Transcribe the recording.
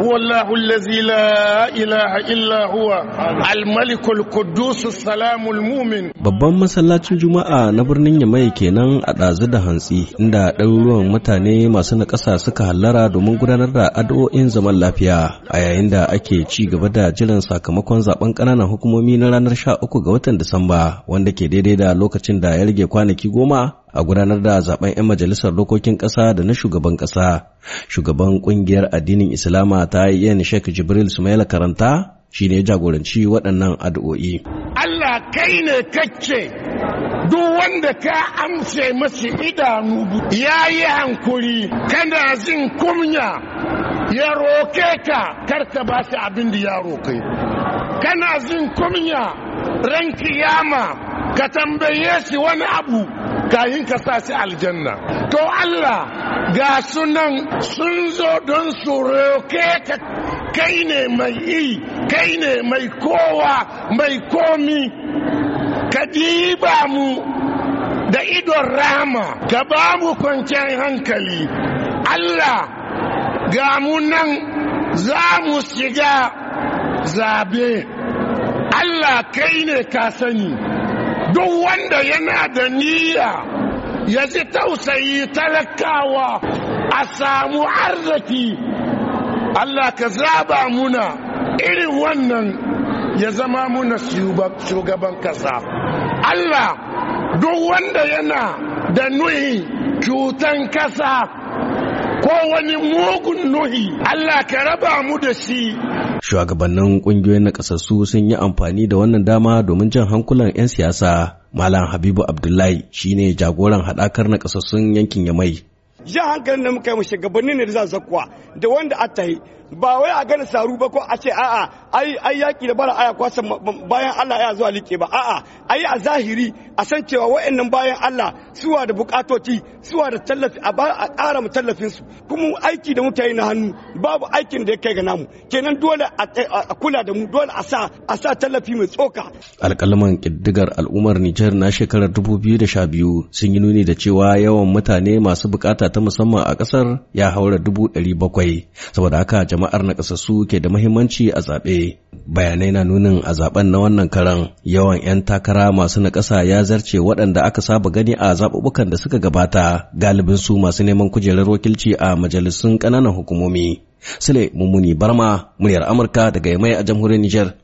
هو الله الذي لا إله إلا هو الملك القدوس السلام المؤمن babban masallacin juma'a na birnin yamai kenan a ɗazu da hantsi inda ɗaruruwan mutane masu naƙasa suka hallara domin gudanar da addu'o'in zaman lafiya a yayin da ake ci gaba da jiran sakamakon zaben ƙananan hukumomi na ranar 13 ga watan disamba wanda ke daidai da lokacin da ya rage kwanaki goma a gudanar da zaben 'yan majalisar dokokin ƙasa da na shugaban ƙasa. Shugaban ƙungiyar addinin Islama ta yan Sheikh Jibril Sumaila Karanta shi ne jagoranci waɗannan addu'o'i. Allah kai ne kacce duk wanda ka amce masu idanu ya yi hankuri kana jin kumya ya roke ka karka ba shi abin da ya roke. Kana jin kumya ran kiyama ka tambaye shi wani abu kayin ka sa shi aljanna to Allah ga sunan sun zo don su roke ka kai ne mai yi kai ne mai kowa mai komi ka diba mu da idon rama ka ba mu kwanciyar hankali Allah ga mu nan za mu shiga zabe Allah kai ne ka sani duk wanda yana da niyya ya ji tausayi talakawa a samu arziki Allah ka zaba muna irin wannan ya zama muna shugaban kasa Allah duk wanda yana da nuhi cutan kasa ko wani mugun nuhi Allah ka raba mu da shi Shugabannin ƙungiyoyin naƙasassu sun yi amfani da wannan dama domin jan hankulan 'yan siyasa. Malam Habibu Abdullahi shine jagoran haɗakar naƙasassun yankin Yamai jan hankalin da muka yi mashi gabanin ne da za zakuwa da wanda a ta yi ba wai a gani saru ba ko a ce a'a ai ai yaki da bara aya kwasa bayan Allah ya zuwa like ba a'a ai a zahiri a san cewa wa'annan bayan Allah suwa da bukatoci suwa da tallafi a ƙara mu tallafin su kuma aiki da muka yi na hannu babu aikin da ya kai ga namu kenan dole a kula da mu dole a sa a sa tallafi mai tsoka alƙalman ƙiddigar al'ummar Nijar na shekarar 2012 sun yi nuni da cewa yawan mutane masu bukata ta musamman a ƙasar ya haura dubu ɗari bakwai saboda haka jama'ar na ƙasassu ke da mahimmanci a zaɓe bayanai na nunin a zaben na wannan karan yawan 'yan takara masu na ƙasa ya zarce waɗanda aka saba gani a zaɓuɓɓukan da suka gabata galibin su masu neman kujerar wakilci a majalisun ƙananan hukumomi sule mummuni barma muryar amurka daga yamai a jamhuriyar niger